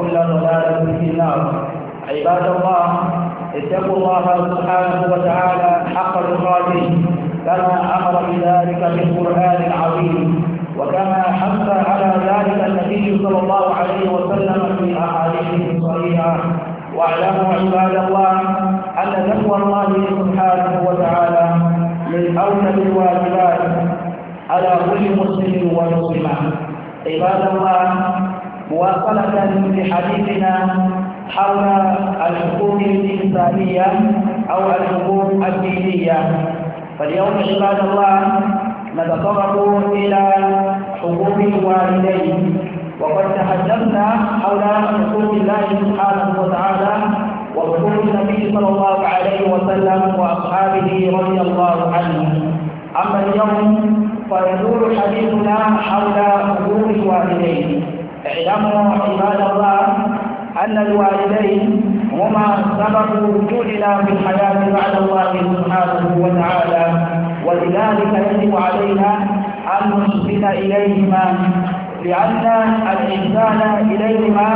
وكل ضلالة في النار عباد الله اتقوا الله سبحانه وتعالى حق تقاته كما أمر بذلك في القرآن العظيم وكما حث على ذلك النبي صلى الله عليه وسلم في أحاديثه الصحيحة واعلموا عباد الله أن تقوى الله سبحانه وتعالى من أولى الواجبات على كل مسلم ومسلمة عباد الله مواصلة لحديثنا حول الحقوق الإنسانية أو الحقوق الدينية فاليوم عباد الله نتطرق إلى حقوق الوالدين وقد تحدثنا حول حقوق الله سبحانه وتعالى وحقوق النبي صلى الله عليه وسلم وأصحابه رضي الله عنهم أما اليوم فيدور حديثنا حول حقوق الوالدين اعلموا عباد الله أن الوالدين هما سبب وجودنا في الحياة بعد الله سبحانه وتعالى ولذلك يجب علينا أن نحسن إليهما لأن الإحسان إليهما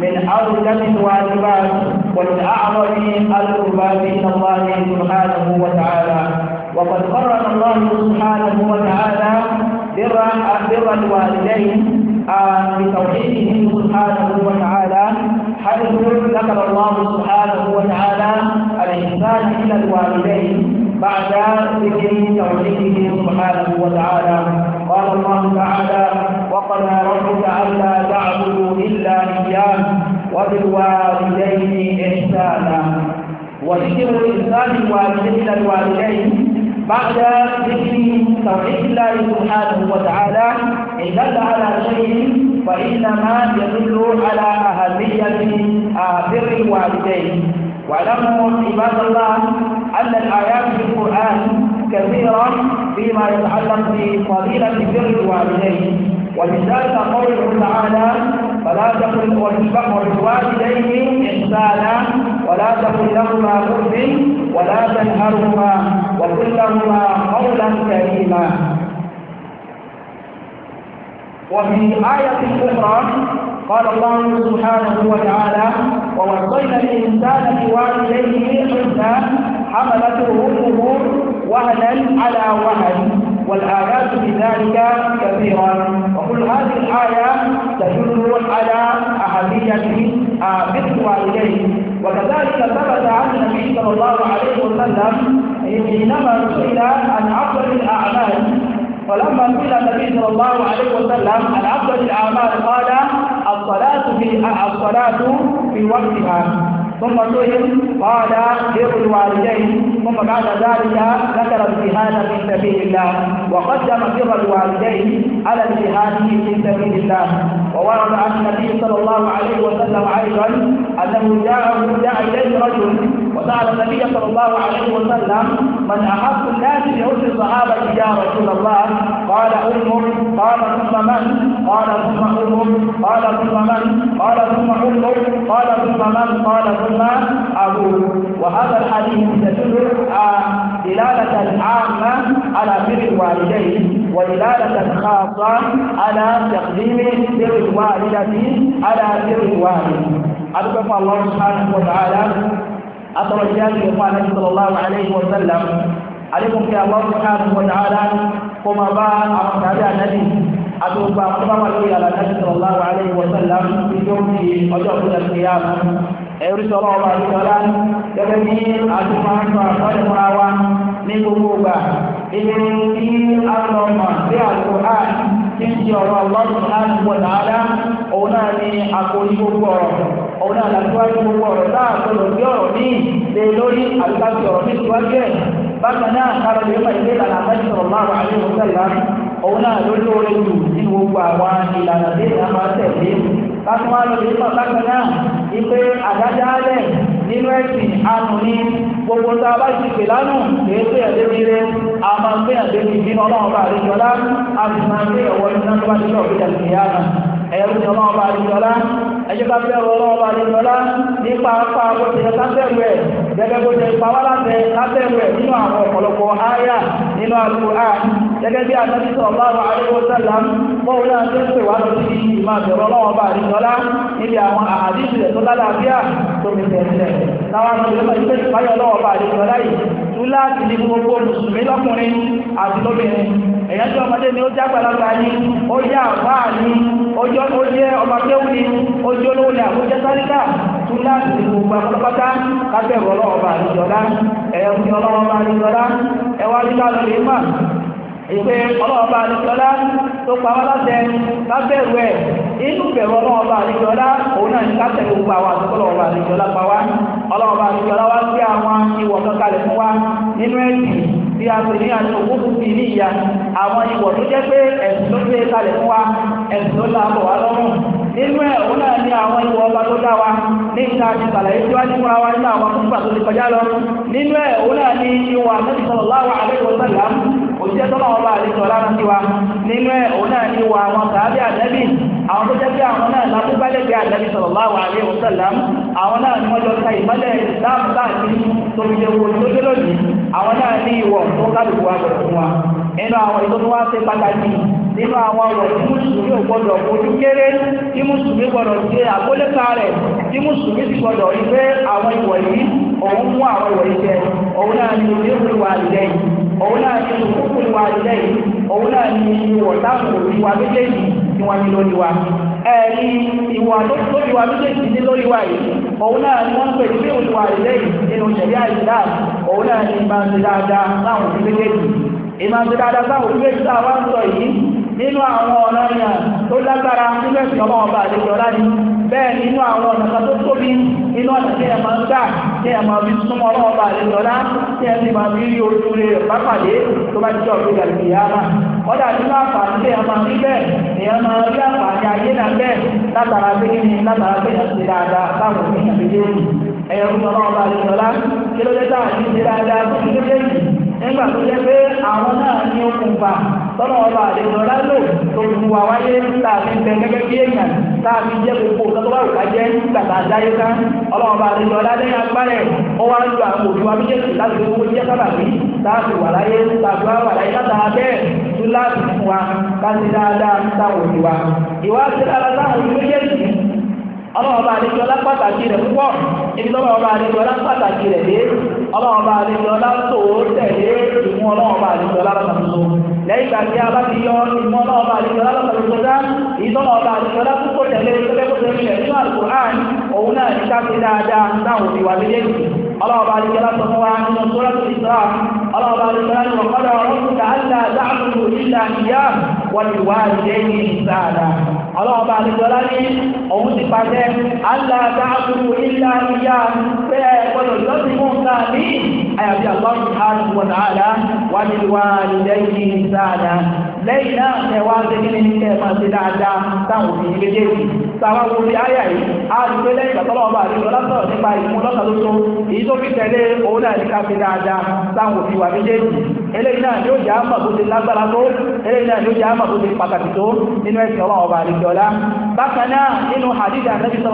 من أولى الواجبات ومن أعظم القربات إلى الله سبحانه وتعالى وقد قرن الله سبحانه وتعالى بر بر الوالدين بتوحيده سبحانه وتعالى حيث ذكر الله سبحانه وتعالى الإحسان إلى الوالدين بعد ذكر توحيده سبحانه وتعالى قال الله تعالى وقضى ربك ألا تعبدوا إلا إياه وبالوالدين إحسانا وذكر الإحسان الوالدين إلى الوالدين بعد ذكر توحيد الله سبحانه وتعالى إن دل على شيء فإنما يدل على أهمية بر الوالدين واعلموا عباد الله أن الآيات في القرآن كثيرة فيما يتعلق بفضيلة بر الوالدين ولذلك قوله تعالى فلا تقل ولوالديه إحسانا ولا تقل لهما أف ولا تنهرهما وقل قولا كريما وفي آية أخرى قال الله سبحانه وتعالى ووصينا الإنسان بوالديه حسنا حملته أمه وهنا على وهن والآيات بذلك كثيرة وكل هذه الآية تدل على أهمية بر والديه وكذلك ثبت عن النبي صلى الله عليه وسلم حينما سئل عن أفضل الأعمال فلما سئل النبي صلى الله عليه وسلم عن أفضل الأعمال قال الصلاة في الصلاة في وقتها ثم سئل قال بر الوالدين ثم بعد ذلك ذكر الجهاد في سبيل الله وقدم بر الوالدين على الجهاد في سبيل الله وورد عن النبي صلى الله عليه وسلم ايضا انه جاء إليه رجل وسأل النبي صلى الله عليه وسلم من أحب الناس بحسن الصحابة يا رسول الله قال أمك قال ثم من قال ثم أمك قال ثم من قال ثم أمك قال ثم من قال ثم أبوه وهذا الحديث يدل دلالة عامة على بر الوالدين ودلالة خاصة على تقديم بر الوالدة على بر الوالد adúgbò fún àwọn subhanahu wa ta'ala atọrọ jẹ́ àti ìfún àti sallallahu alaihi wa sallam àdínkù kí àwọn subhanahu wa ta'ala kó máa bá àwọn tàbí ànábì àti gbogbo àkọ́bàbà lórí àlànábì sallallahu alaihi ẹ̀rí sọ̀rọ̀ ọba àdúgbọ́lá gẹ́gẹ́ bí àtúmọ̀ àtúmọ̀ wa ní gbogbo ọgbà ìrìn tí a sí àlùkò tí ń ṣe ọ̀rọ̀ ọlọ́run láti wọ̀ náà ni àkórí gbogbo ọ̀rọ̀ òun náà làtúwájú gbogbo ọ̀rọ̀ náà sọ̀rọ̀ bí ọ̀rọ̀ ní lè lórí àbíkájú ọ̀rọ̀ ní ìtúwájú ẹ̀ bákan náà kára lè mọ̀ ìlé ìlànà àbẹ́sì sọ̀rọ̀ máa wà ní ìwọ̀sẹ̀lá òun náà ló lóore jù nínú gbogbo àwọn ìlànà tí ìlànà máa tẹ̀lé bákan wá lọ lè mọ̀ bákan náà ipe àdájálẹ̀ nínú ẹ̀sìn àrùn ní gbogbo tá a bá ti pè lánàá kìí pé ẹ̀dẹ́ rire a máa ń pè ẹ̀dẹ́ rire nínú ọlọ́run bá àdéjọlá a sì máa ń pè ẹ̀wọ́ nínú tó bá ti ẹ̀yọ́ ti ọlọ́wọ́ bá rí ọlá ẹjọ́ bá bẹ̀rù ọlọ́wọ́ bá rí ọlá nípa apá àgbọ̀tẹ̀ látẹ̀rù ẹ̀ gẹ́gẹ́ bó ṣe pa wá látẹ̀rù ẹ̀ nínú àwọn ọ̀pọ̀lọpọ̀ áyà nínú àlùkò á gẹ́gẹ́ bí àtàbí sallallahu alaihi wasallam bọ́ọ̀ náà tó ń pè wá lọ sí ìmọ̀ àbẹ̀rù ọlọ́wọ́ bá rí ọlá níbi àwọn àhàdìsì rẹ̀ tó lálàáfíà tó fi èyàn jẹ́ ọmọdé ni ó jẹ́ àgbàlagbà ni ó jẹ́ àfáà ni ó jẹ́ ọmọ kéwù ni ó jẹ́ olówó ni àkójẹ́ sáríkà tún láti gbogbo àpọlọpátá kábẹ̀rù ọlọ́ọ̀bà àríjọ́lá ẹ̀yàn fi ọlọ́ọ̀bà àríjọ́lá ẹwà nígbà lórí mà ìpé ọlọ́ọ̀bà àríjọ́lá tó pa wọ́n láṣẹ lábẹ̀rù ẹ̀ inú bẹ̀rù ọlọ́ọ̀bà àríjọ́lá òun náà ní káṣẹ̀ gbogbo àwọn àtúkọ́ ọlọ́ọ̀bà àríjọ́lá pa wá ọlọ́ọ̀bà àríjọ́lá wá sí àwọn ìwọ̀ kankalẹ̀ fún wa nínú ẹ̀sìn tí a pè ní àjọ òkúkú sí ní ìyá àwọn ìwọ̀ tó jẹ́ pé ẹ̀sùn ló gbé kalẹ̀ fún wa ẹ̀sùn ló láàbọ̀ wá lọ́rùn nínú ẹ̀ òun náà ní àwọn ìwọ̀ ọba tó dá wa ní ìta àti ìsàlàyé tí wọ́n ní fúnra wa nínú àwọn fúnpà tó ti kọjá lọ nínú ẹ̀ òun náà ní ìwọ̀ àmẹ́sìtọ̀ láwà àlẹ́kọ̀ọ́sọ̀lá òṣìṣẹ́ tọ́lọ́wọ́ bá àlejò ọlá nínú ẹ̀ òun náà ní ìwọ̀ àwọn sàábẹ́ àdẹ́bì àwọn tó jẹ́ pé àwọn náà lábúgbálẹ̀ bí àdábì sallallahu alaihi wasallam àwọn náà ni wọ́n jọ ta ìmọ́lẹ̀ ìsìláàmù káàkiri tó fi jẹ́ owó tó dé lónìí àwọn náà ní ìwọ̀ tó kálùkù wa bẹ̀rẹ̀ fún wa nínú àwọn ìtọ́ tó wá ṣe pàtàkì nínú àwọn ọ̀rọ̀ tí mùsùlùmí ò gbọdọ̀ fojú kéré tí òun náà ni ìwé wà lẹ́yìn òun náà ni ìwọ̀ wà òun wa méjèèjì tí wọ́n lórí wa ẹ̀rí ìwà lórí wa méjèèjì ní lórí wa yìí òun náà ni wọ́n pè ní olùwà ìlẹ́yìn nínú ṣẹ̀rí àìsílá òun náà ni ìmá dáadáa láwọn òbí a wá inú ọ̀nà tí ẹ máa ń gbà tí ẹ máa fi súnmọ́ ọlọ́wọ́ bá rẹ̀ lọ́lá tí ẹ sì máa fi rí ojú rẹ̀ pápàdé tó bá jọ pé gàlùkì yára kọ́dà nínú àǹfààní tí ẹ máa rí bẹ́ẹ̀ ẹ máa rí àǹfààní ayé náà bẹ́ẹ̀ látara pé kí ni látara pé ẹ ti dáadáa báwo ní ìyàmẹ́lẹ́yìn ẹ̀yẹ ń ọlọ́wọ́ bá rẹ̀ lọ́lá kí ló dé táà ní ti dáadáa tọ́lọ̀ ọba àdéhùnrọ́lá lò tó mú wa wáyé láàfin bẹ gẹ́gẹ́ bí èèyàn láàfin jẹ́ gbogbo tó bá wùká jẹ́ gbàgbà dáyé ká ọlọ́ọba àdéhùnrọ́lá lẹ́yìn agbárẹ̀ ó wá ń lo àwọn òbí wa méjèèjì láti fi owó jẹ́ sábàbí láti wà láyé láti wá wà láyé látara bẹ́ẹ̀ tún láti fún wa láti dáadáa táwọn òbí wa ìwà sí dáadáa táwọn òbí pàtàkì rẹ̀ púpọ̀ ibi tọ́lọ́ọba àdéhùnrọ́lá pàtàkì rẹ̀ dé ọlọ́ọba àdéhùnrọ́lá tó tẹ̀lé ìmú ọlọ́ọba àdéhùnrọ́lá lọ́nà tó lẹ́yìn ìgbà tí a bá ti yọ ìmọ̀ náà ọba àdìsọ́lá lọ́pàá lọ́pàá ìtọ́nà ọba àdìsọ́lá púpọ̀ tẹ̀lé tẹ́lẹ́kọ̀tẹ́ ilẹ̀ nínú Al-Qur'an òun náà ní ká ṣe dáadáa táwọn òbí wa méjèèjì ọlọ́ọ̀bá àdìsọ́lá àyàfi Allah subhanahu wa ta'ala wa bil walidayni ihsana lẹ́yìn náà ẹ wá ṣe kí ni ẹ máa ṣe dáadáa táwọn òbí ní méjèèjì sáwá wo bí áyà yìí a rí pé lẹ́yìn ìgbàtọ́lọ́ ọba nípa ìmú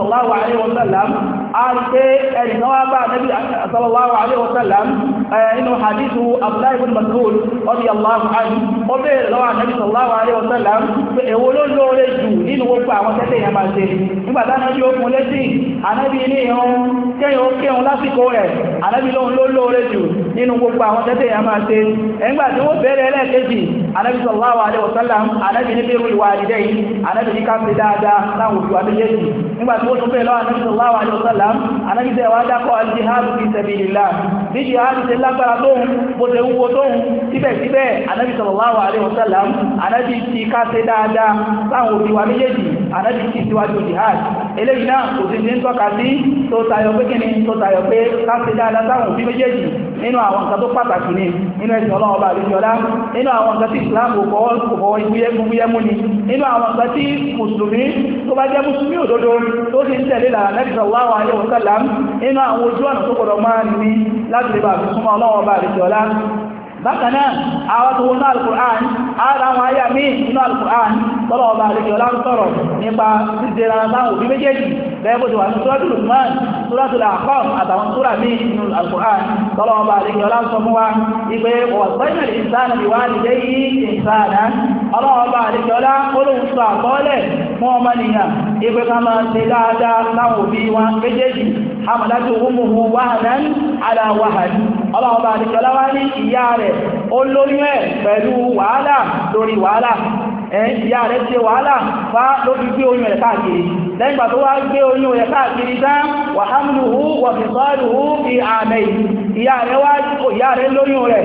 lọ́ta àríké ẹ̀rìnà wá bá nẹ́bí sallallahu alaihi wasallam inú hadithu abdullahi bin mas'ud radiyallahu anhu ó bèèrè lọ́wọ́ nẹ́bí sallallahu alaihi wasallam pé èwo ló lóore jù nínú gbogbo àwọn tẹ́tẹ́ yẹn máa ṣe nígbàtá náà yóò fún lẹ́sìn anábì ní ìhun kẹ́yìn ó kéhun lásìkò rẹ̀ anábì lóhun ló lóore jù nínú gbogbo àwọn tẹ́tẹ̀ yà máa ṣe ẹgbà tí wọ́n bẹ̀rẹ̀ ẹlẹ́ẹ̀kejì anábì sallallahu alaihi wasallam anábì ní bẹ̀rù ìwà àdìdẹ́ yìí anábì ní káfí dáadáa láwọn òfin wa méjèèjì nígbà tí wọ́n tún bẹ̀rẹ̀ lọ́wọ́ anábì sallallahu alaihi wasallam anábì tẹ̀ wá dákọ̀ aljihadu fi sabilillah bí jihadu ṣe lágbára tóhun bó ṣe wúwo tóhun síbẹ̀síbẹ̀ anábì sallallahu alaihi wasallam anábì ti káfí dáadáa láwọn òfin wa méjèèjì anábì ti síwájú jihad eléyìí náà kò sí ní tọ́ka sí tó tayọ pé kíni tó tayọ pé káṣe dáadáa sáwọn òbí méjèèjì nínú àwọn nǹkan tó pàtàkì ni nínú ẹ̀sìn ọlọ́run ọba àbíjọlá nínú àwọn nǹkan tí islam kò fọwọ́ ìgbúyẹ́mú ni nínú àwọn nǹkan tí mùsùlùmí tó bá jẹ́ mùsùlùmí òdodo tó sì ń tẹ̀lé lànà Nabi sallallahu alaihi wasallam nínú àwọn ojú ọ̀nà tó gbọdọ̀ máa ní láti lè bá fi súnmọ́ ọlọ́run ọba àbíjọlá bákanáà àwọn tó wọnú al-Qur'an ara àwọn ayà míì nínú al-Qur'an tọ́lọ̀ ọba àríkẹ́ ọlá ń sọ̀rọ̀ nípa dídẹ̀ra láwọn òbí méjèèjì bẹ́ẹ̀ bó ti wà ní sọ́rọ̀tù lùkman sọ́rọ̀tù làkọ́m àtàwọn sọ́rà ní inú alkùnrin tọ́lọ̀ ọba àríkẹ́ ọlá ń sọ fún wa ipe wọ̀sánà ìsáàlì ìwà nílé yìí ìsáàlà ọlọ́wọ́ ọba àríkẹ́ ọlá olóhùn sọ àkọọ́lẹ̀ fún wahan ọlọ́wọ́ ọba àríkẹ́ ọlá wá ní ìyá rẹ̀ ó lóyún ìyá rẹ̀ ṣe wàhálà bá ló fi gbé oyún rẹ̀ káàkiri lẹ́yìn ìgbà tó wá gbé oyún rẹ̀ káàkiri tán wàhálùhù wàfìsọ́ọ̀lùhù fi àmẹ́ ìyá rẹ̀ lóyún rẹ̀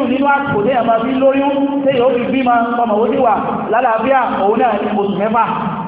jù nínú àsìkò tí ẹ̀mà fi lóyún tí yóò fi bímọ ọmọ òdíwà lálàáfíà òun náà ní oṣù mẹ́fà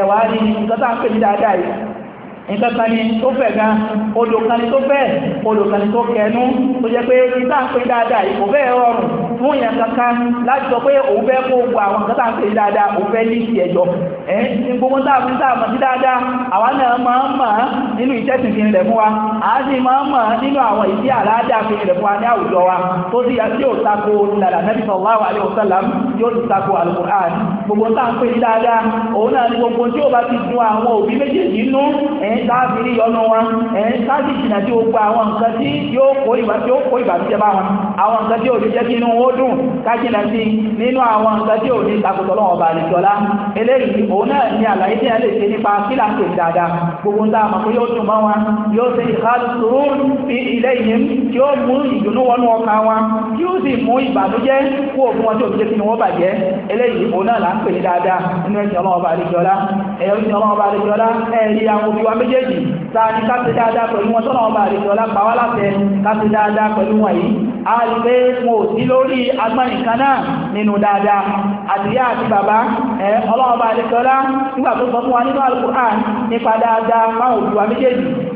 ẹ̀wà rí nǹkan tá ń pè ní dáadáa yìí ìkàkàní tó fẹ̀ gan olùkàní tó fẹ̀ olùkàní tó kẹnu tó jẹ́ pé títà ń pè dáadáa ìkò fẹ́ rọrùn fún ìyàn kankan láti sọ pé òun fẹ́ kó gbà àwọn kan tàà ń pè dáadáa òun fẹ́ ní ìsì ẹ̀jọ́ ẹ̀ ní gbogbo tàà fi tàà mọ̀ sí dáadáa àwa náà máa ń mọ̀ nínú ìtẹ́sìn fi rẹ̀ fún wa a sì máa ń mọ̀ nínú àwọn ìdí àlàájá fi rẹ̀ fún wa ní àwùjọ wa tó sì yóò tako ìlànà Nabi sallallahu alaihi wasallam yóò sì tako Al-Qur'an gbogbo tàà ń pè dáadáa òun náà ni gbogbo tí ó bá ti dun àwọn òbí méjèèjì nú ẹ̀ ẹ̀yìn táàfìrí yọnu wọn ẹ̀yìn táàfì jìnà tí ó gba àwọn nǹkan tí yóò kó ìbànújẹ́ bá wọn àwọn nǹkan tí ò ní jẹ́ kí inú ó dùn kájìnà sí nínú àwọn nǹkan tí ò ní takùtọ̀lọ́ ọba àlejọ́lá eléyìí òun náà ní àlàyé tí a lè ṣe nípa kílà tó dáadáa gbogbo ń dáa màkó yóò dùn mọ́ wọn yóò ṣe ìkálù sùúrù sí ilé ìyẹn tí ó mú ìdùnnú wọnú ọkàn wọn tí ó sì mú ìbànújẹ́ kú òfin wọn tí ò ní jẹ́ kí inú wọn bàjẹ́ eléyìí òun náà là ń pè ní dáadáa nínú ẹ̀sìn méjèèjì táa ní dáadáa pẹ̀lú wọn tọ́nà ọba àrètò ọlápàá láfẹ́ káṣe dáadáa pẹ̀lú wọn yìí a rí pé wọn sí lórí agbọ́nì nínú dáadáa àtìyá àti bàbá ẹ ọlọ́ọba àrètò ọlá nígbà tó sọ fún wa nínú al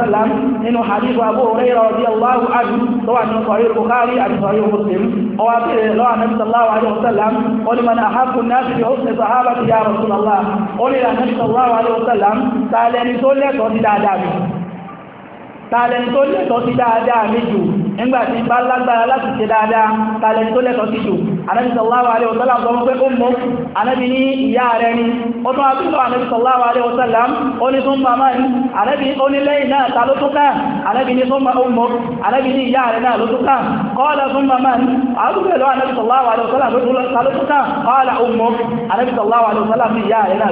wasallam nínú hadithu Abu Hurairah radiyallahu anhu tó wà nínú Sahih Bukhari àti Sahih Muslim ó wá bèèrè lọ́wọ́ Ànábì sallallahu alaihi wasallam ó ní man ahabbu an-nasi bi husni sahabati ya Rasulullah ó ní Ànábì sallallahu alaihi wasallam tààlẹ́ni tó lẹ́tọ̀ọ́ sí dáadáa mi tààlẹ́ni tó lẹ́tọ̀ọ́ sí dáadáa mi jù nígbàtí bá lágbára láti ṣe dáadáa tààlẹ́ni tó lẹ́tọ̀ọ́ sí jù Ànábì sallallahu alaihi wasallam sọ pé ummu Ànábì ní ìyá rẹ̀ ni ó tún àbúrò Ànábì sallallahu alaihi wasallam ó ní tún bá máa ní Ànábì ó ní lẹ́yìn náà ta ló tún ká Ànábì ní tún bá ummu Ànábì ní ìyá rẹ̀ náà ló tún ká qala tún bá máa ní àbúrò lọ Ànábì sallallahu alaihi wasallam ta ló tún ká qala ummu Ànábì sallallahu alaihi wasallam ní ìyá rẹ̀ náà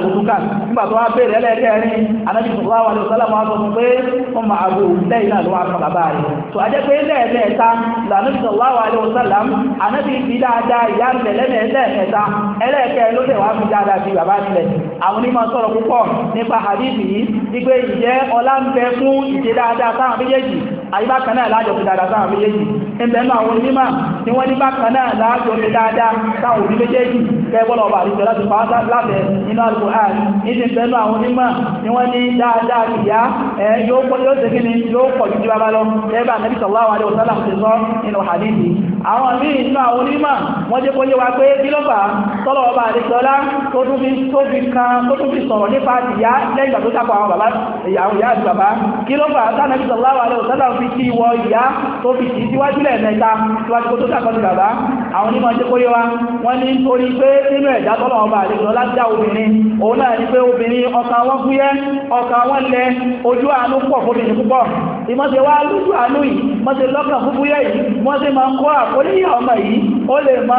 ló tún ká fi dáadáa ìyá rẹ̀ lẹ́lẹ̀ ẹlẹ́ẹ̀kẹta ẹlẹ́ẹ̀kẹ́ ló lè wá fi dáadáa sí bàbá rẹ̀ àwọn onímọ̀ sọ̀rọ̀ púpọ̀ nípa hadith yìí wípé ìjẹ́ ọlá ń bẹ fún ìṣe dáadáa sáwọn méjèèjì àyíbá kan náà lájọ fi dáadáa sáwọn méjèèjì ẹgbẹ́ náà àwọn onímọ̀ tí wọ́n ní bákan náà lájọ fi dáadáa sáwọn òní méjèèjì kẹgbọ́n ọba àríṣẹ́ láti fa lábẹ́ nínú Al-Qur'an níbi ìfẹ́nu àwọn onímọ̀ ni wọ́n ní dáadáa ìyá ẹ̀ yóò pọ̀ yóò tẹ́kí ni yóò pọ̀ jù bá lọ ẹgbà Nabi sallallahu alaihi wasallam ti sọ nínú hadithi àwọn míì nínú àwọn onímọ̀ wọ́n jẹ́ kó wa pé bí lọ́pà tọ́lọ̀ ọba àdéṣọ́lá tó tún fi tó fi kan tó tún fi sọ̀rọ̀ nípa ìyá lẹ́yìn ìgbà tó sápọ̀ àwọn bàbá ìyàwó ìyá àti bàbá kí lọ́pà tánàbí sọ̀láwà lẹ́wọ̀ sọ́lá fi kí wọ ìyá tó fi wa wọ́n ní torí pé nínú ẹ̀dá tọ́lọ̀ ọba àdéṣọ́lá já obìnrin òun náà ni pé obìnrin ọkàn wọn fúyẹ́ ọkàn wọn lẹ ojú àánú pọ̀ fóbìnrin púpọ̀ ìmọ̀ṣe wá lójú àánú yìí mọ̀ṣe lọ́kàn ń kọ́ àkórí ọmọ yìí ó lè mọ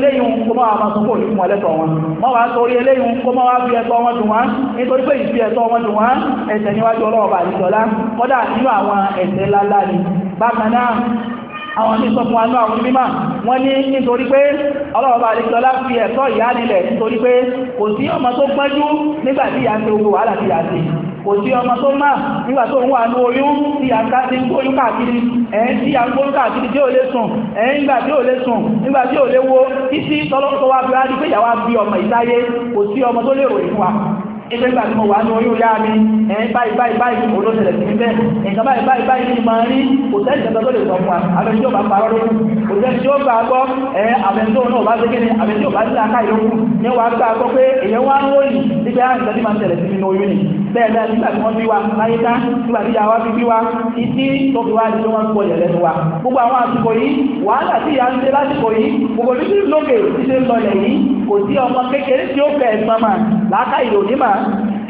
eléyìn kó máa máa sún kò ní fún ẹlẹ́tọ̀ wọn wọ́n wá torí eléyìn kó máa fi ẹ̀tọ́ wọn dùn wọ́n nítorí pé ìfi ẹ̀tọ́ wọn dùn wọ́n ẹ̀ṣẹ̀ níwájú ọlọ́ọ̀bà àdìsọ́lá kọ́dà nínú àwọn ẹ̀ṣẹ̀ lálá ni bákan náà àwọn ní sọ fún wa ní àwọn mímọ̀ wọ́n ní nítorí pé ọlọ́ọ̀bá àríkọlá fi ẹ̀tọ́ ìyá nílẹ̀ nítorí pé kò sí ọmọ tó pẹ́jú nígbàtí ìyá ń pe ogun wàhálà ti yà sí kò sí ọmọ tó máa nígbà tó ń wà ní oyún tí a ká sí gbóyún káàkiri ẹ̀yìn tí a gbóyún káàkiri tí ó lè sùn ẹ̀yìn nígbà tí ó lè sùn nígbà tí ó lè wo títí tọ́lọ́tọ́ wá bí wá di pé ìyàwó bí ọmọ ìsáyé kò sí ọmọ tó lè rò ìfún wa ilé ìgbà tí mo wà ní oyún yára mi ẹ̀yìn báyìí báyìí báyìí mo ló ṣẹlẹ̀ sí mi bẹ́ẹ̀ nǹkan báyìí báyìí báyìí ni máa rí kò sẹ́yìn ìjọba tó lè sọ fún wa abẹ tí ó bá parọ́ lókun kò sẹ́yìn tí ó gbà gbọ́ ẹ̀ abẹ tí ó náà bá gbé kíni abẹ tí ó bá sí aká ìlókun ní wà gbà gbọ́ pé èyàn wá ń ròyìn nígbà àìsàn tí máa ń tẹ̀lẹ̀ sí nínú oyún ni nígbà tí wọ́n bí wa láyé tá nígbà tí ìyá wa wa títí tó fi wá ní tó wọ́n gbọ́ yẹ̀lẹ́nu wa gbogbo àwọn àsìkò yìí wàhálà tí ìyá ń ṣe lásìkò yìí gbogbo títí lókè tí ṣe ń lọlẹ̀ yìí kò sí ọmọ kékeré tí ó fẹ́ ẹ̀sán mà láákà ìròyìn mà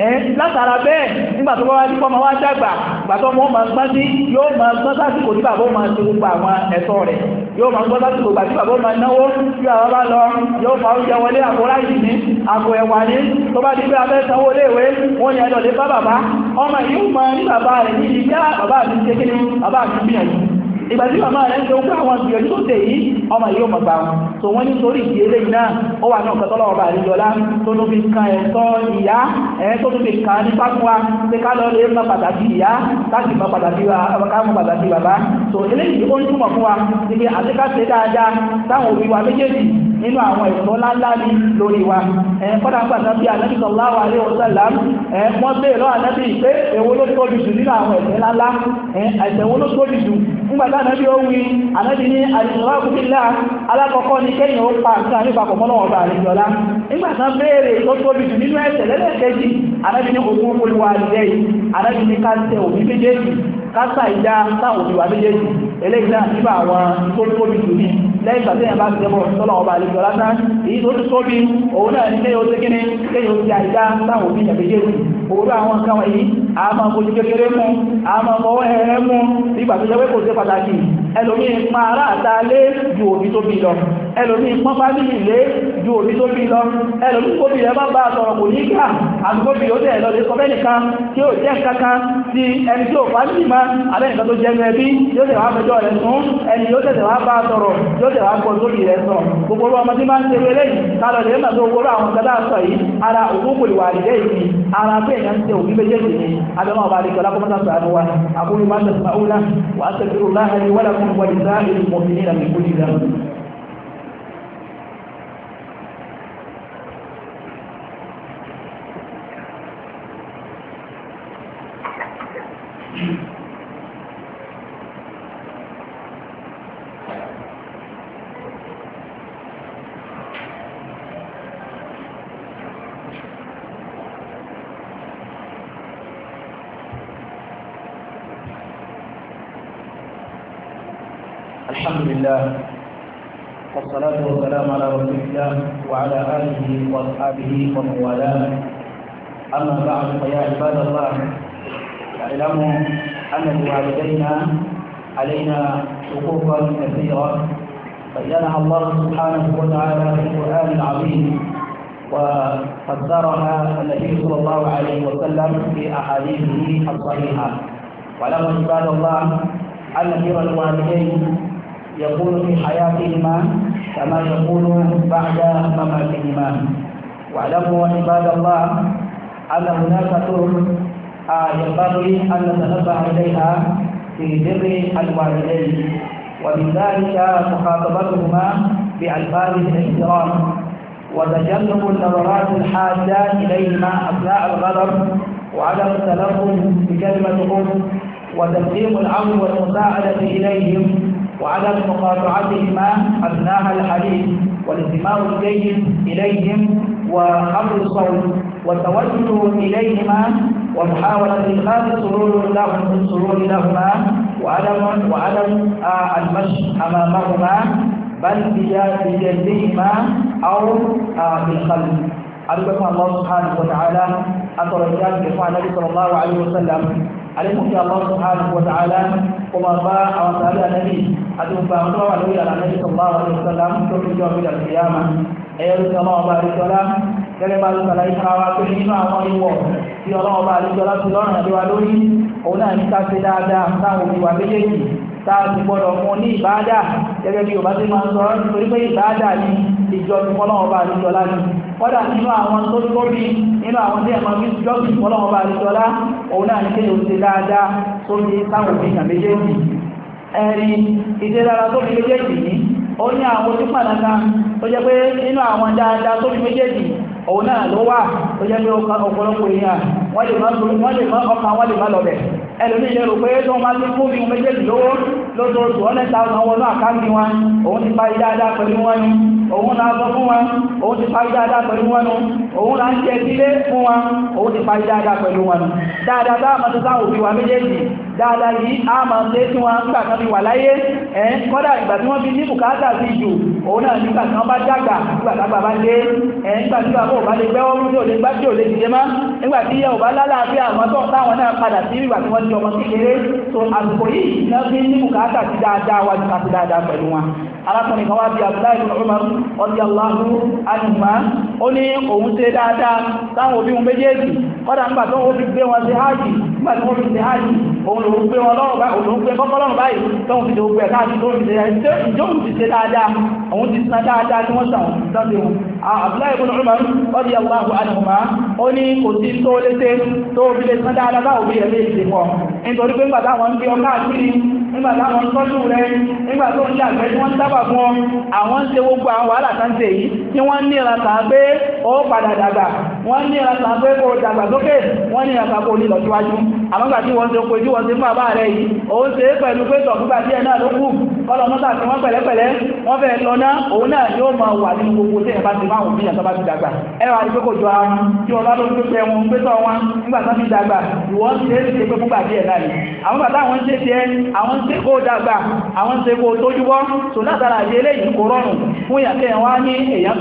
ẹ̀ látara bẹ́ẹ̀ nígbà tó bá wá dípọ́ máa wá dàgbà ìgbà tó wọ́n máa gbọ́n sí yóò máa gbọ́n sásìkò tí bàbá máa ti gbogbo àwọn ẹ̀tọ́ rẹ̀ yóò máa gbọ́n sásìkò ìgbà tí bàbá máa náwó tí bàbá bá lọ yóò fa oúnjẹ wọlé àpò láìsí ní àpò ẹ̀wà ní tó bá di pé abẹ́ sanwó léèwé wọ́n ní ẹjọ́ lé bá bàbá ọmọ yìí mọ ní bàbá rẹ̀ ní ìdí bàbá mi ṣe bàbá mi gbìyànjú ìgbà tí màmá rẹ̀ ń ṣe ogún àwọn ìgbìyànjú tó tẹ̀ yìí ọmọ yìí ọmọ gbà wọn tó wọ́n ní torí ìdí eléyìí náà ó wà náà kẹtọ́lọ́ ọba àríjọlá tó tó fi kan ẹ̀tọ́ ìyá ẹ̀ tó tó fi kan nípa fún wa pé ká lọ lè má pàtàkì ìyá láti má pàtàkì bàbá tó eléyìí ó ń túmọ̀ fún wa níbi àti ká dáadáa táwọn òbí wa méjèèjì nínú àwọn ẹ̀kọ́ láńlá ní lórí wa ẹ̀kọ́dà pàtàkì bí Ànábì sallallahu alaihi wasallam wọ́n bèèrè lọ́wọ́ Ànábì pé èwo ló tóbi jù nínú àwọn ẹ̀ṣẹ̀ láńlá ẹ̀ṣẹ̀ wo ló tóbi jù nígbàtà Ànábì ó wí Ànábì ní al-ishraku billah alákọ̀ọ́kọ́ ní kẹ́yìn ó pa nǹkan nípa pọ̀pọ̀ lọ́wọ́ ọba àlejòọlá nígbàtà bèèrè tó tóbi jù nínú ẹ̀ṣẹ̀ lẹ́lẹ́kẹ́jì Ànábì ní òkú olùwà àdìyẹ yìí Ànábì ní ká tẹ òbí méjèèjì ká sàìdá sáà òbí wa méjèèjì eléyìí náà nípa àwọn tó tóbi jù ní lẹ́yìn ìgbà tẹ́yìn bá ti ẹbọ tọ́lọ̀ ọba àlejò ọlátá èyí tó ti tóbi òun náà ní lẹ́yìn oṣù kíní lẹ́yìn oṣù àìdá táwọn òbí ìyàgbéjì òwúrọ̀ àwọn nǹkan wọ̀nyí a máa fojú kékeré mú a máa fọwọ́ ẹ̀rẹ́ mú nígbà tó jẹ́ pé kò sí pàtàkì ẹlòmíín máa ráàta lé ju òbí tó bí lọ ẹlòmí pọ́n fámílì lé ju òbí tó bí lọ ẹlòmí kó bí ẹ bá bá sọ̀rọ̀ kò ní gbà àdúgbò bí ó tẹ̀ lọ lè sọ bẹ́ẹ̀ nìkan tí ó jẹ́ kankan ti ẹni tí ó fámílì ma abẹ́nìkan tó jẹ́ ẹbí yóò tẹ̀ wá fẹjọ́ rẹ̀ sún ẹni yóò tẹ̀ wá bá sọ̀rọ̀ yóò tẹ̀ wá gbọ́ lórí rẹ̀ sọ gbogbo ọmọ tí máa ń ṣeré lẹ́yìn kálọ̀ lè mọ̀ tó gbogbo àwọn kẹta sọ yìí ara òkúkú ìwà àdìgẹ́ yìí ara pé lá wàá tẹ̀síwá ó الله وعلى آله وأصحابه ومن والاه أما بعد فيا عباد الله اعلموا أن لوالدينا علينا حقوقا كثيرة بينها الله سبحانه وتعالى في القرآن العظيم وقدرها النبي صلى الله عليه وسلم في أحاديثه الصحيحة ولما عباد الله أن بر الوالدين يكون في حياتهما كما يقول بعد مماتهما واعلموا عباد الله أن هناك طرق آه، ينبغي أن نتنبه إليها في بر الوالدين ومن ذلك مخاطبتهما بألفاظ الاحترام وتجنب النظرات الحادة إليهما أثناء الغضب وعدم التلفظ بكلمة أم وتقديم الأمر والمساعدة إليهم وعدم مقاطعتهما ابناء الحديث والانتماء الجيد إليهم وحفظ الصوت والتوجه إليهما ومحاولة إخلاص سرور لهم من سرور لهما وعدم وعدم آه، المشي أمامهما بل بجلدهما أو آه، بالقلب أرجوكم الله سبحانه وتعالى ترجعوا بفعل النبي صلى الله عليه وسلم عليكم في الله سبحانه وتعالى وما باع وسأل النبي أدوم فأمر ولولا النبي صلى الله عليه وسلم كل يوم إلى القيامة أيها الله بارك الله gẹ́gẹ́ bá ló sàlàyé fún àwọn wa lórí òun náà ní káṣe dáadáa táwọn òbí wa méjèèjì táà ti gbọ́dọ̀ fún ní ìbáadà gẹ́gẹ́ bí Yorùbá ti máa ń sọ ìjọ ti fọ́lọ́wọ́ bá àríjọlá ní kọ́dà nínú àwọn tó tó bí nínú àwọn tí ẹ̀mọ́ bí jọ́ ti fọ́lọ́wọ́ bá àríjọlá òun náà ní kéde òṣè dáadáa tó ní sáwọn òbí ìyàn méjèèjì ẹ̀rí ìdẹ́dára tó fi méjèèjì ní òun náà ló wà tó jẹ́ pé ọ̀pọ̀lọpọ̀ èèyàn wọ́n lè má ọkàn wọ́n lè má lọ́bẹ̀ ẹlòmí ilẹ̀ rò pé tó máa ti fún mi méjèèjì lówó lóṣooṣù ọ́nẹ́ta ọ̀nà wọn òun la sọ fún wa òun ti parí dáadáa pẹ̀lú wọn nu òun la ń jẹ sílé fún wa òun ti parí dáadáa pẹ̀lú wọn nu dáadáa tá a máa ti sáwọn òbí wa méjèèjì dáadáa yìí a máa lé tí wọn nígbà kan fi wà láyé ẹ kọ́dà ìgbà tí wọ́n fi ní bùkátà sí ìjù òun náà nígbà tí wọ́n bá dàgbà nígbà tágbà bá dé ẹ nígbà tí bàbá ò bá lè gbẹ́wọ́ mú tí ò lè gbá tí ò lè dìde má nígbà tí ìyá ò bá àwọn tó táwọn náà padà sí ìgbà tí wọ́n di ọmọ kékeré so àsìkò yìí náà fi ní bùkátà sí dáadáa wájú àti dáadáa pẹ̀lú wọn arákùnrin kan wá bí abdullahi bin umar ọdí aláhùn ó ní òun ṣe dáadáa táwọn òbí wọn méjèèjì kọ́dà ń gbà tó fi gbé wọn sí hajj nígbà tí fi sí hajj òun lòun gbé wọn lọ́rùn báyìí òun gbé kọ́kọ́ báyìí tó wọ́n ti ṣe dáadáa òun ti san dáadáa tí wọ́n sàn sọ́dọ̀ nígbà táwọn tọ́jú rẹ nígbà tó ń dàgbẹ́ tí wọ́n ń dábà fún ọ àwọn ń ṣe gbogbo àwọn wàhálà tá ń tí wọ́n ní ìrànta pé ó padà dàgbà wọ́n ní ìrànta pé kó dàgbà lókè wọ́n ní ìrànta kó nílọ síwájú àmọ́gbà tí wọ́n ti ó kojú wọ́n ti fún àbá rẹ̀ yìí òun ṣe é pẹ̀lú pé tọ̀kúgbà díẹ̀ náà ló kù kọ́lọ̀ mọ́ta tí wọ́n pẹ̀lẹ́pẹ̀lẹ́ wọ́n fẹ́ lọ náà òun náà yóò máa ni àwọn bàtà àwọn ṣe tiẹ̀ àwọn ṣe kó dàgbà àwọn ṣe kó tójúbọ́ sò látara àdé eléyìí kò rọrùn fún ìyàtẹ̀ wọn ní èèyàn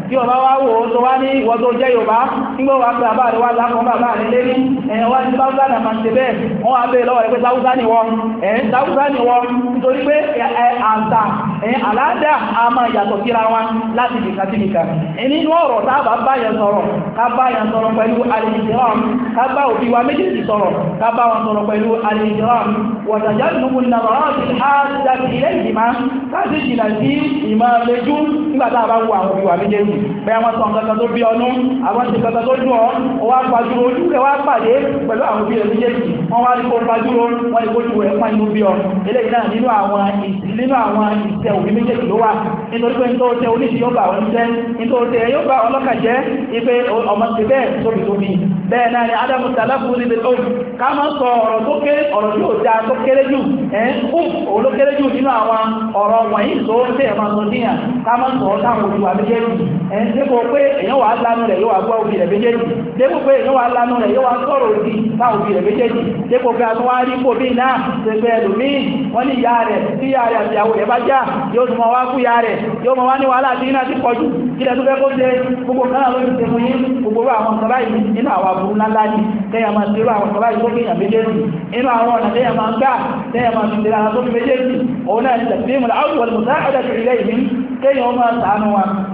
tí ọba wá wò ó tó wá ní ìwọ jẹ́ Yorùbá nígbà wà pé àbá rẹ̀ wá bàbá rẹ̀ lé ẹ̀yàn wá ní sáúsá náà máa ṣe bẹ́ẹ̀ wọ́n wá bẹ́ẹ̀ lọ́wọ́ rẹ̀ sáúsá ni wọ́n sáúsá ni wọ́n nítorí pé àǹtà àládà a máa yàtọ̀ síra wọn láti nìkan nínú ọ̀rọ̀ táàbà bá yẹn sọ̀rọ̀ ká bá yẹn sọ̀rọ̀ pẹ̀lú alìsìrán ká bẹ́ẹ̀ wọ́n sọ nǹkan tó bí ọdún àwọn ti nǹkan tó dùn ọ́ ó wá pàdúró ojú rẹ̀ wá pàdé pẹ̀lú àwọn òbí rẹ̀ méjèèjì wọ́n wá rí kó pàdúró wọ́n ní kó ju rẹ̀ pàdúró bí ọ eléyìí náà nínú àwọn nínú àwọn ìṣẹ́ òbí méjèèjì ló wà nítorí pé nítorí tẹ oníṣìí yóò bà wọ́n jẹ́ nítorí tẹ yóò bà wọ́n lọ́kà jẹ́ ipe ọmọ ti bẹ́ẹ̀ tóbi bẹ́ẹ̀ náà ni adamu talafu ní bẹ̀rẹ̀ òun ká máa sọ ọ̀rọ̀ tó kéré ọ̀rọ̀ tí ó dáa tó kéré jù ẹ̀ẹ́n fún òun ló kéré jù nínú àwọn ọ̀rọ̀ wọ̀nyí tó ń tẹ̀ máa sọ níyàn ká máa sọ táwọn ojú wa méjèèjì ẹ̀ẹ́n dépò pé èèyàn wà á lanu rẹ̀ yóò wá gbọ́ òbí rẹ̀ méjèèjì dépò pé èèyàn wà á lanu rẹ̀ yóò wá sọ̀rọ̀ òbí táwọn òbí rẹ̀ méjèèjì dépò pé a tún wá já yóò tún mọ wá kú ìyá rẹ̀ yóò mọ ilẹ̀ tó fẹ́kọ́ jẹ gbogbo kan àwọn ìṣẹ́ fún yí gbogbo àwọn ọ̀sán báyìí nínú àwọn àbúrú ńláńlá ní tẹ́yà máa ti rú àwọn ọ̀sán báyìí sókè èèyàn méjèèjì nínú àwọn ọ̀nà tẹ́yà máa ń gbà tẹ́yà máa ti tẹ́ra sókè méjèèjì òun náà ni tẹ̀sí mọ̀lá áwùjọ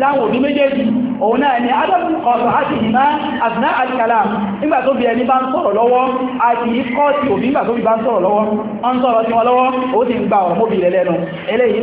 láwọn òbí méjèèjì òun náà ni adamu ọ̀sọ̀ àti ìmá àtìná àtìkàlá nígbà tó bí ẹni bá ń sọ̀rọ̀ lọ́wọ́ àti ikọ́ ti òbí nígbà tó bí bá ń sọ̀rọ̀ lọ́wọ́ ọ́n sọ̀rọ̀ sí wọn lọ́wọ́ ó ti ń gba ọ̀rọ̀ móbi lẹ́nu eléyìí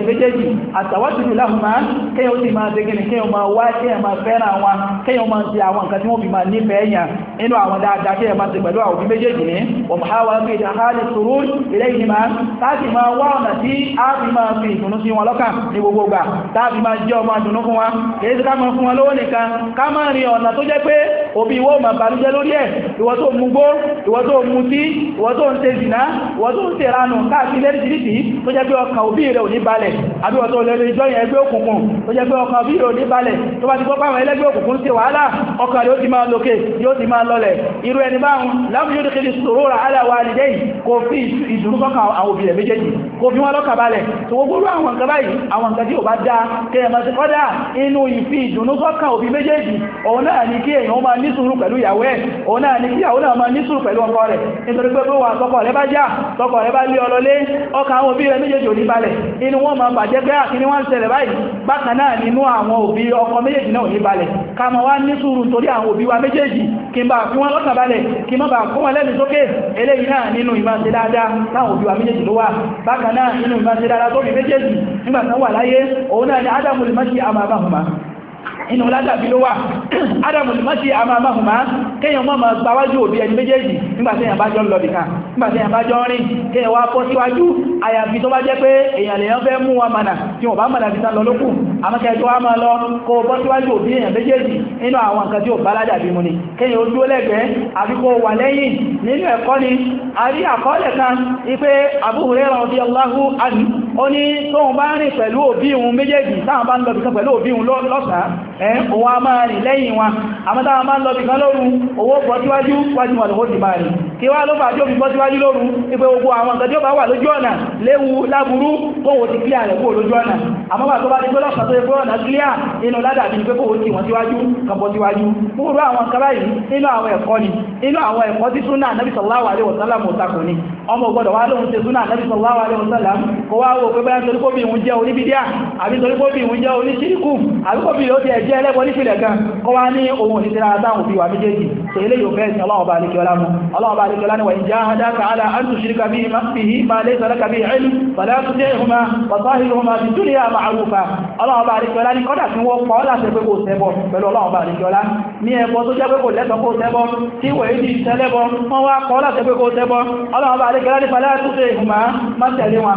ẹni méjèèjì àtàwátìlú láhùnmá kéyàn ó sì máa ṣe gẹ́nì kéyàn máa wá kéyàn máa fẹ́ràn àwọn kéyàn máa ṣe àwọn nǹkan tí wọ́n fi máa nífẹ̀ẹ́ yàn nínú àwọn dáadáa kéyàn máa ṣe pẹ̀lú àwọn méjèèjì ní ọmọháwà fi ìdáhálì tó jẹ́ pé òbí òbí rẹ̀ ò ní balẹ̀ Amen. àbí wọ́n tó lẹ́nu ìjọ yẹn ẹgbẹ́ òkùnkùn tó jẹ́ pé ọkàn bí yóò ní balẹ̀ tó bá ti gbọ́ pàwọn ẹlẹ́gbẹ́ òkùnkùn sí wàhálà ọkàn yóò ti máa lókè yóò ti máa lọlẹ̀ irú ẹni báhùn láàmú yóò dìkìlì sòróra aláwà nìdẹ́ yìí kò fi ìdùnnú kọ́kàn àwọn òbí rẹ̀ méjèèjì kò fi wọ́n lọ́kà balẹ̀ tó gbogbo àwọn nǹkan báyìí àwọn nǹkan tí ò bá dá kẹyàmà sí kọ́dá inú ìfi ìdùnnú kọ́kàn òbí méjèèjì òun náà ni kí èèyàn máa ní sùúrù pẹ̀lú ìyàwó ẹ̀ òun náà ni kí àwọn náà máa ní sùúrù pẹ̀lú ọkọ rẹ̀ nítorí pé bó wà tọkọ rẹ̀ bá já tọkọ rẹ̀ bá lé ọlọlé ọkàn àwọn òbí rẹ̀ méjèèjì ò ní balẹ̀ inú wọn máa bàj jẹ́ pé àti ní wọ́n ń ṣẹlẹ̀ báyìí bákan náà nínú àwọn òbí ọkọ méjèèjì náà ní balẹ̀ ká mọ̀ wá ní sùúrù torí àwọn òbí wa méjèèjì kí n bá fi wọ́n lọ́kàn balẹ̀ kí mọ́ bá kún wọn lẹ́nu sókè eléyìí náà nínú ìmáṣe dáadáa láwọn òbí wa méjèèjì ló wà bákan náà nínú ìmáṣe dáadáa tó rí méjèèjì nígbà inú ládàbí ló wà adamu ni mọ́sí àmàmàhùnmá kéèyàn mọ́ máa gbáwájú òbí ẹni méjèèjì nígbàtí èyàn bá jọ lọ nìkan nígbàtí èyàn bá jọ rìn kéèyàn wá fọ́ síwájú àyàfi tó bá jẹ́ pé èyàn lèyàn fẹ́ mú wa mànà tí wọ́n bá mànà fi tán lọ lókù àmọ́kẹ́jọ́ wá máa lọ kó bọ́ ó ní tóun bá rìn pẹ̀lú òbí òun méjèèjì táwọn bá ń lọ bìkan pẹ̀lú òbí òun lọ́sàá ẹ̀ òun a máa rìn lẹ́yìn wọn àmọ́ táwọn bá ń lọ bìkan lóru owó pọ̀ síwájú wájú wọn lòó ti máa rìn kí wá ló fà tí ó fi bọ́ síwájú lóru ipé gbogbo àwọn nǹkan tí ó bá wà lójú ọ̀nà léwu láburú kóhun ti kílíà rẹ̀ kúrò lójú ọ̀nà àmọ́ bá tó bá ti gbé lọ́sàá tó gbé ọ̀nà kílíà nínú ládàbí pé báyá torí kóbì ìhun jẹ́ oníbídíà àbí torí kóbì ìhun jẹ́ oníṣíríkù àbí kóbì ó ti ẹ̀jẹ́ ẹlẹ́gbọ́n nípìnlẹ̀ kan kọ́ wá ní ohun òníṣẹ́ látàkùn fi wà méjèèjì tó ilé yóò fẹ́ sí ọlọ́ọ̀bá alẹ́kẹ́ọ́lá mú ọlọ́ọ̀bá alẹ́kẹ́ọ́lá ni wà ń já dáka ala an tushrika bí i máa lé sọ́lọ́ka bí i fàlá tó jẹ́ ìhùnmá wàtáhìlùmá bí tó lè yà máa rúfa ọlọ́ọ̀bá alẹ́kẹ́ọ́lá ní kọ́dà tí wọ́n pa ọ́ láti pé kò sẹ́bọ̀ pẹ̀lú ọlọ́ọ̀bá alẹ́kẹ́ọ́lá ní ẹ̀bọ́ tó jẹ́ tẹ̀lé wọn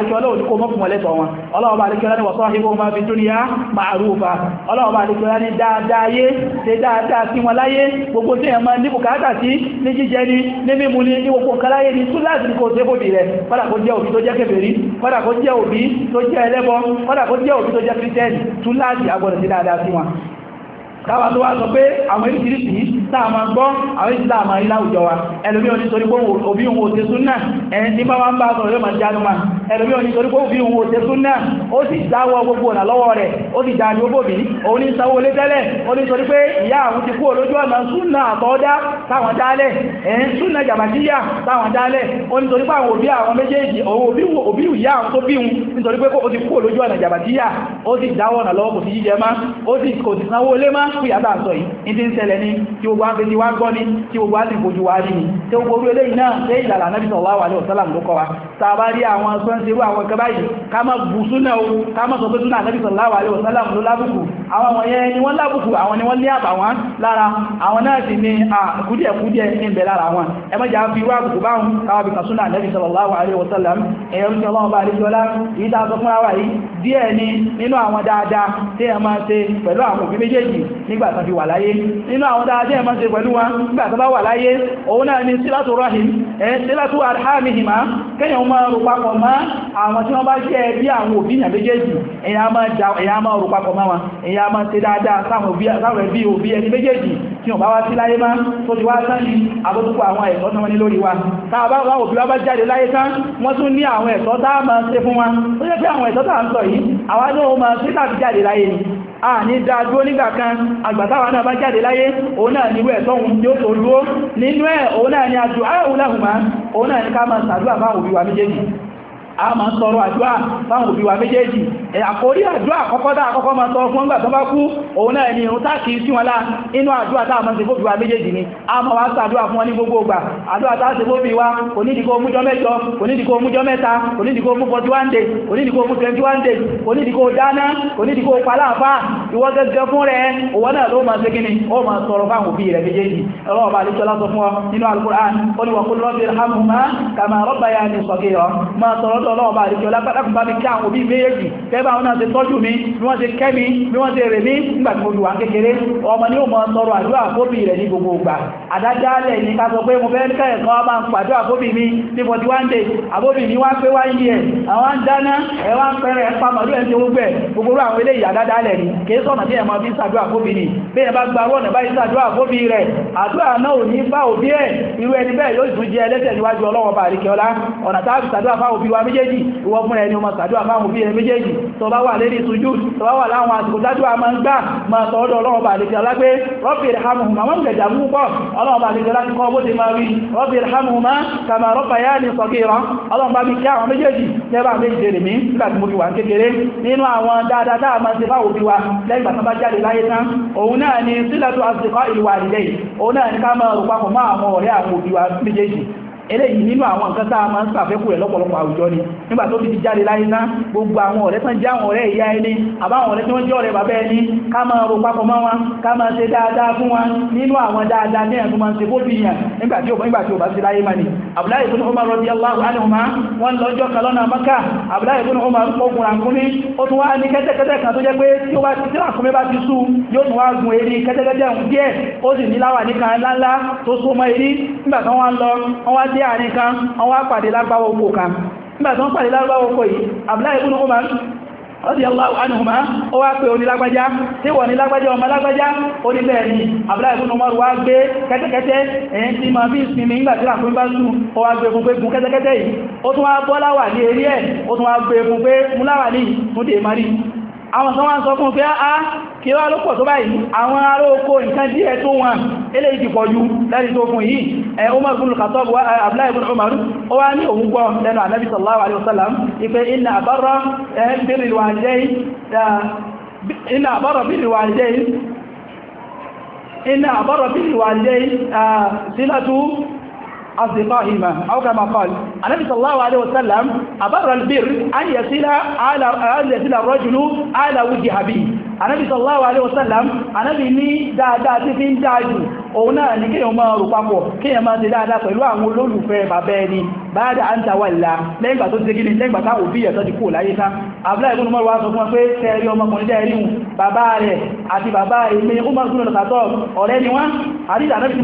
àríkẹ́ ọlọ́wọ́ ní kó mọ́ fún ọlẹ́tọ̀ wọn ọlọ́ọ̀bá àríkẹ́ ọlá ní wọ̀sán ahìbò ma fi dúnìyà ma'arufa ọlọ́ọ̀bá àríkẹ́ ọlá ní dáadáa yé ṣe dáadáa sí wọn láyé gbogbo tí ẹ̀mọ́ ní bùkátà sí ní jíjẹ ní ní mímu ní ní gbogbo nǹkan láyé ní túláàsì ní kò ṣe bòbí rẹ̀ kọ́dà kó jẹ́ òbí tó jẹ́ kèfèrí kọ́dà kó jẹ́ òbí tó jẹ́ ẹlẹ́bọ kọ́dà kó jẹ́ òbí tó jẹ́ kírísítẹ́nì túláàsì agbọ́dọ̀ sí dáadáa sí wọn káwà tó wá sọ pé àwọn ìrìsìrìsì táà máa gbọ́ àwọn ìsìlá àmà ilá òjò wa ẹlòmí òní torí pé òbí òun òtẹ́ súnnà ẹni tí bá wọ́n bá sọ̀rọ̀ yóò máa jánúmà ẹlòmí òní torí pé òbí òun òtẹ́ súnnà ó sì dáwọ́ gbogbo ọ̀nà lọ́wọ́ rẹ̀ ó sì dáa ní ogóbì òun ní sanwó lé tẹ́lẹ̀ ó ní torí pé ìyá àwọn ti kú olójú ọ̀nà súnnà àtọ́dá táwọn dálẹ̀ ẹ̀yìn súnnà jàbàtíyà táwọn dálẹ̀ ó ní torí pé àwọn òbí àwọn méjèèjì òun òbí ìyá àwọn tó bí un nítorí pé ó ti kú olójú ọ̀nà jàbàtíyà ó sì dáwọ́ ọ̀nà lọ́wọ́ kò sí jíjẹ má ó sì kò sí sanwó lé má kú ìyàbá sọ yìí ní tí ń ṣẹlẹ̀ ní tí gbogbo àpẹ ti wá gbọ́ ní tí gbogbo àti ìfojú wá rí ní tí gbogbo orú eléyìí náà tẹ́ ìlànà náà bìtọ̀ wá wà ní ọ̀sálà ló kọ́ wa tàbá rí àwọn sọ́nsẹ̀rú àwọn ẹ̀kẹ́ báyìí ká má bù súnà o ká má sọ pé súnà àtẹ́bìsọ̀ láwà ló sálà ló lábùkù àwọn wọ̀nyẹn ni wọ́n lábùkù àwọn ni wọ́n ní àbàwọ́n lára àwọn náà sì ni àkúdíẹ̀kúdíẹ̀ ní ìbẹ̀ lára wọn ẹ má jà fi irú àbùkù báhùn káwà bí kan súnà àtẹ́bìsọ̀ láwà ló sálà ẹ̀yọ́ ní ọlọ́run bá rí jọlá yìí tá a sọ fún nígbàtà fi wà láyé nínú àwọn dáadé ẹ̀mọ́ ṣe pẹ̀lú wọn nígbàtà bá wà láyé òun náà ni sílátù rahim ẹ̀ sílátù arhamihima kẹ́yàn máa rò papọ̀ mọ́ àwọn tí wọ́n bá jẹ́ bí àwọn òbí yàn méjèèjì èyàn máa rò papọ̀ mọ́ wọn èyàn máa ṣe dáadáa sáwọn ẹbí òbí ẹni méjèèjì tí wọ́n bá wá sí láyé máa tó ti wá tán ní àwọn ẹ̀tọ́ náà ní lórí wa táà wá òbí wá bá jáde láyé tán wọ́n tún ní àwọn ẹ̀tọ́ táà máa ṣe fún wa tó jẹ́ pé àwọn ẹ̀tọ́ táà ń sọ yìí àwa náà máa sí tàbí jáde láyé ni a ní dáadúó nígbà kan àgbàtàwà náà bá jáde láyé òun náà níwẹ̀ tọ́hun tí ó tó nínú ẹ̀ òun náà ni àjò áhùn láhùn máa òun náà ní ká máa ṣàdúrà bá òbí wa méjèèjì a máa ń sọ̀rọ̀ àdúrà fáwọn òbí wa méjèèjì àkórí àdúrà àkọ́kọ́ dá àkọ́kọ́ máa sọ fún ọgbà tó bá kú òun náà ni ìrun táàkì sí wọn lá inú àdúrà táà máa ń ṣe fóbi wa méjèèjì ni a máa wá sàdúrà fún wọn ní gbogbo ògbà àdúrà táà ṣe fóbi wa kò ní ìdíkó mújọ mẹ́jọ kò ní ìdíkó mújọ mẹ́ta kò ní ìdíkó mú forty one days kò ní ìdíkó mú twenty one days kò ní ìdíkó dáná kò ní ìdíkó paláàfà ìwọ gẹ́gẹ́ fún rẹ̀ òwò ni ó máa sọ̀rọ̀ fáwọn lọ́dọ̀ ọlọ́wọ́ bá àríkẹ́ lápátákùn bá mi kí àwọn òbí méjèèjì tẹ́bà wọn náà ṣe tọ́jú mi bí wọ́n ṣe kẹ́ mi bí wọ́n ṣe rẹ̀ mí nígbà tí mo lù wá kékeré ọmọ ni ó mọ sọ̀rọ̀ àdúrà fóbì rẹ̀ ní gbogbo ìgbà àdájálẹ̀ ní ká pé mo fẹ́ kẹ́ ẹ̀kan máa ń pàdó àbóbì mi ní forty one days àbóbì mi wá pé wá ń yẹ àwọn ń dáná ẹ wá ń pẹrẹ ẹ pamọ́ lóyún ti gbogbo ẹ̀ gbogbo ni kì í sọ̀nà tí ẹ̀ máa ni bí ẹ bá gba owó ọ̀nà báyìí ṣàdúrà fóbì rẹ̀ àdúrà náà ò ní bá òbí ẹ̀ irú ẹni méjèèjì ìwọ fún ẹni ọmọ sàdúwà máa mú bí ẹni méjèèjì tó bá wà lérí ìtújú tó bá wà láwọn àsìkò dájúwà máa ń gbà máa sọ ọdọ̀ ọlọ́run bá àlejò alágbé rọ́bì ìrìhámùhùn máa ń gẹ̀jà mú pọ̀ ọlọ́run bá àlejò láti kọ́ bó ti máa rí rọ́bì ìrìhámùhùn máa kàmà rọ́bà yá ní sọ kéèrọ ọlọ́run bá mi kí àwọn méjèèjì lẹ́bàá méjì jèrè mí nígbà tí mo fi wà ń kékeré nínú àwọn dáadáa tá a máa ṣe fáwọn òbí wa lẹ́yìn bàtà bá jáde láyé tán òun náà ni sílẹ̀ tó àṣìkọ́ ìlú àdìlẹ́yìn òun náà ni ká máa rò papọ̀ mọ́ àwọn ọ̀rẹ́ àwọn òbí wa méjèèjì eléyìí nínú àwọn nǹkan tá a máa ń sàfẹ́kù rẹ̀ lọ́pọ̀lọpọ̀ àwùjọ ni nígbà tó ti ti jáde láyé ná gbogbo àwọn ọ̀rẹ́ tán jẹ́ àwọn ọ̀rẹ́ ìyá ẹni àbáwọn ọ̀rẹ́ tí wọ́n jẹ́ ọ̀rẹ́ bàbá ẹni ká máa ro papọ̀ mọ́ wọn ká máa ṣe dáadáa fún wọn nínú àwọn dáadáa ní ẹ̀tún máa ń ṣe mani Abdullahi ibn Umar radiyallahu anhuma wọ́n lọ́jọ́ kan lọ́nà Mákà Abdullahi ibn Umar ogun àkúnmí ó tún wá ní kẹ́tẹ́kẹ́tẹ́ kan tó jẹ́ pé tí ó bá ti tíra àkúnmí bá ti sú yóò tún wá gun eré kẹ́tẹ́kẹ́tẹ́ díẹ̀ ó sì ní láwà pàdé àárín kan wọ́n wá pàdé lágbàwọ́ oko kan nígbà tó ń pàdé lágbàwọ́ oko yìí Abdullahi ibn Umar radiyallahu anhuma ó wá pé onílágbájá tí wọ́n nílágbájá ọmọ lágbájá onílẹ̀ ni Abdullahi ibn Umar wá gbé kẹ́tẹ́kẹ́tẹ́ èyí tí ma bí ìsinmi ìgbàtí àkúrí bá sùn ó wá gbé fún pé gún kẹ́tẹ́kẹ́tẹ́ yìí ó tún wá bọ́láwà ní eré ẹ̀ ó tún wá gbé fún pé múláwà ní múdè marí àwọn kan wá ń sọ fún pé á ah, ah, kí wá ló pọ̀ tó báyìí àwọn ará oko nǹkan díẹ̀ tó wọn eléyìí ti pọ̀ jù lẹ́ni tó fún yìí ẹ̀ Umar ibn Khattab Abdullah ibn Umar ó wá ní òun gbọ́ lẹ́nu Ànábì sallallahu alaihi wasallam ipe inna àbárọ̀ birril walidayn inna àbárọ̀ birril walidayn sílátú ah, أصدقائهما أو كما قال النبي صلى الله عليه وسلم أبر البر أن يصل على أن يصل الرجل على وجه أبيه النبي صلى الله عليه وسلم النبي ني dáadáa tí fi ń dájú òun náà ni kéèyàn máa rò papọ̀ kéèyàn máa ṣe dáadáa pẹ̀lú báyàdà à ń tàwà ìlà lẹ́gbà tó ti gíní lẹ́gbà táwò bí ẹ̀tọ́ ti kú láyé ká Abdullahi ibn Umar wá sọ fún wọn pé tẹ́rí ọmọkùnrin jẹ́ ríhun bàbá rẹ̀ àti bàbá ilé Umar gúnnà ọ̀rẹ́ ni wọ́n àríjà náà fi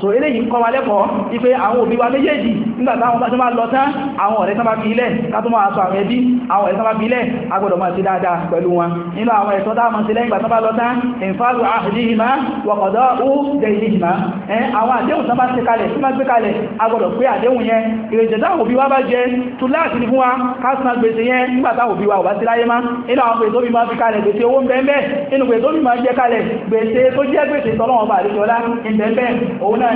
so eléyìí ń kọ́ wa lẹ́kọ̀ọ́ ipe àwọn òbí wa méjèèjì nígbà táwọn bá tó máa lọ tán àwọn ọ̀rẹ́ sábà fi ilẹ̀ ká tó máa sọ àwọn ẹbí àwọn ọ̀rẹ́ sábà fi ilẹ̀ a gbọ́dọ̀ máa ti dáadáa rẹ̀ agbọ́dọ̀ pé àdéhùn yẹn ìrìnjẹ̀dá òbí wa bá jẹ tó láti ní fún wa kásìmá gbèsè yẹn nígbàtá òbí wa ò sí láyé má inú àwọn gbèsè òbí máa fi kalẹ̀ gbèsè owó bẹ́ẹ̀ inú gbèsè òbí máa jẹ kalẹ̀ gbèsè tó jẹ́ gbèsè tọ́lọ́wọ́n bá àdéjọ́ lá ìbẹ̀ẹ̀bẹ̀ òun náà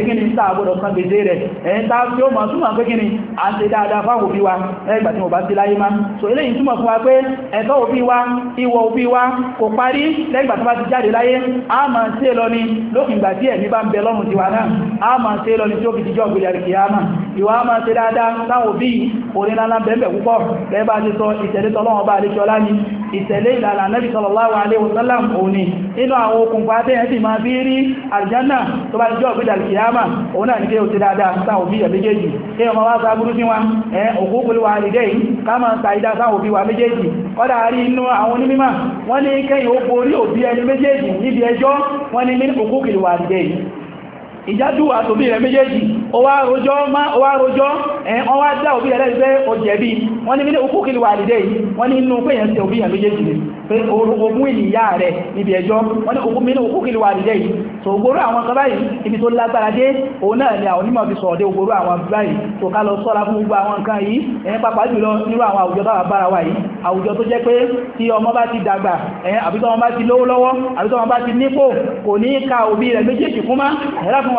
kí ni tá a kan gbèsè rẹ̀ ẹ̀yìn tá tí ó mọ̀ túnmọ̀ pé kíni a ń ṣe dáadáa fáwọn òbí wa ẹgbà tí mo bá sí láyé má so eléyìí túnmọ̀ fún wa pé ẹ̀tọ́ òbí wa ìwọ̀ òbí wa kò parí lẹ́gbà tó bá ti jáde láyé a máa ń ṣe lọ ni lókìngbà tí ẹ̀mí bá ń bẹ lọ́rùn tiwa náà a máa ń ṣe lọ ni tí ó fi jíjọ́ ògbìlẹ̀ àríkì a máa ìwà a máa ṣe dáadáa táwọn òbí onílànà bẹ̀ẹ̀bẹ̀ púpọ̀ bẹ́ẹ̀ bá ti sọ ìtẹ̀lé tọ́lọ́wọ́ bá àríkì ọlá ni ìtẹ̀lé ìlànà nẹ́bí sallallahu alaihi wasallam òun ni inú àwọn okùnfà tẹ́yẹ̀ sì máa bí rí àlùjánnà tó bá jọ́ ògbìdà kìyàmà òun náà ní pé ó ti dáadáa ta òbí ẹ̀ méjèèjì kí ọmọ wá sáàbúrú sí wọn ẹ̀ òkú wa lè dẹ́yìn ká máa ta ìdá sáà òbí wa méjèèjì kọ́dà rí inú àwọn onímímà wọ́n ní kẹ́yìn ó borí òbí ẹni méjèèjì níbi ẹjọ́ wọ́n ní wa lè ìjádùwà tóbi rẹ̀ méjèèjì ọwá rojọ́ ma ọwá rojọ́ ẹ̀yìn ọwá dá òbí rẹ̀ pé ó jẹ̀bi wọ́n ní mílé òkú kìlúwà àdìdẹ yìí wọ́n ní inú pé yẹn tẹ òbí rẹ̀ méjèèjì pé ogún ìyá rẹ̀ níbi ẹjọ́ wọ́n ní ogún mílé òkú kìlúwà àdìdẹ yìí so ògbóró àwọn kan báyìí ibi tó lágbára dé òun náà ni àwọn onímọ̀ fi sọ̀rọ̀ dé ògbóró àwọn báyìí tó ká lọ sọ́ra fún gbogbo àwọn nǹkan yìí ẹ̀yìn pàpà jùlọ nírú àwọn àwùjọ bá bára wà yìí àwùjọ tó jẹ́ pé tí ọmọ bá ti dàgbà ẹ̀yìn àbí tọ́mọ bá ti lówó lọ́wọ́ àbí tọ́mọ bá ti nípò kò ní ka òbí rẹ̀ méjèèjì fún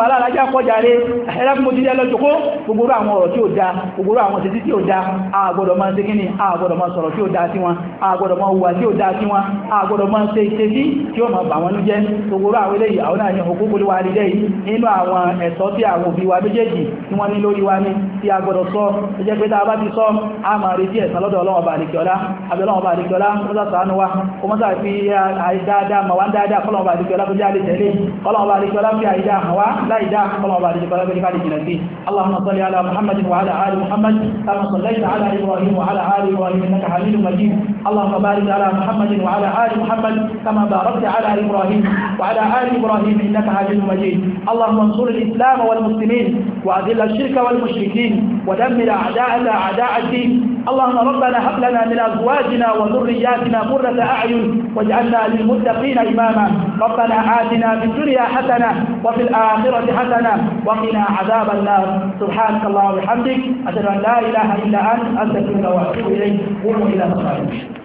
ẹ̀dàkùn aláàrájá kọjáre ẹ̀dàkùn mo ti jẹ́ lọ́jọ́kó gbogbo àwọn ọ̀rọ̀ tí ó da gbogbo àwọn títí tí ó da àgbọ̀dọ̀ máa ṣe kíni àgbọ̀dọ̀ máa sọ̀rọ̀ tí ó da sí wọn àgbọ̀dọ̀ máa hùwà tí ó da sí wọn àgbọ̀dọ̀ máa ṣe ìṣesí tí ó máa bà wọn jẹ́ gbogbo àwọn eléyìí àwọn náà ní òkú kúlú wa rí lẹ́yìn a gbọ́dọ̀ sọ tó jẹ́ a bá ti a máa retí ẹ̀san lọ́dọ̀ ọlọ́wọ́ bá àdìkọ́lá àbẹ̀ ọlọ́wọ́ bá àdìkọ́lá ó sá ṣàánú wa ó mọ́sá fi àìdáadáa mà láì dá ọlọ́ọ̀bá àdìjẹ́ pẹ̀lẹ́gbẹ̀rẹ́ káàdì jìnà sí allahumma salli ala muhammad wa ala ali muhammad kama sallaita ala ibrahim wa ala ali ibrahim innaka hamidun majid allahumma barik ala muhammad wa ala ali muhammad kama barakta ala ibrahim wa ala ali ibrahim innaka hamidun majid allahumma ansur al-islam wal muslimin wa adhill ash-shirka wal mushrikeen wa dammir a'da'aka a'da'a ad-din اللهم ربنا هب لنا من أزواجنا وذرياتنا قرة أعين واجعلنا للمتقين إماما ربنا آتنا في الدنيا حسنة وفي الآخرة حسنة وقنا عذاب النار سبحانك اللهم وبحمدك أشهد أن لا إله إلا أنت أستغفرك وأتوب إليك قوموا إلى صلاتكم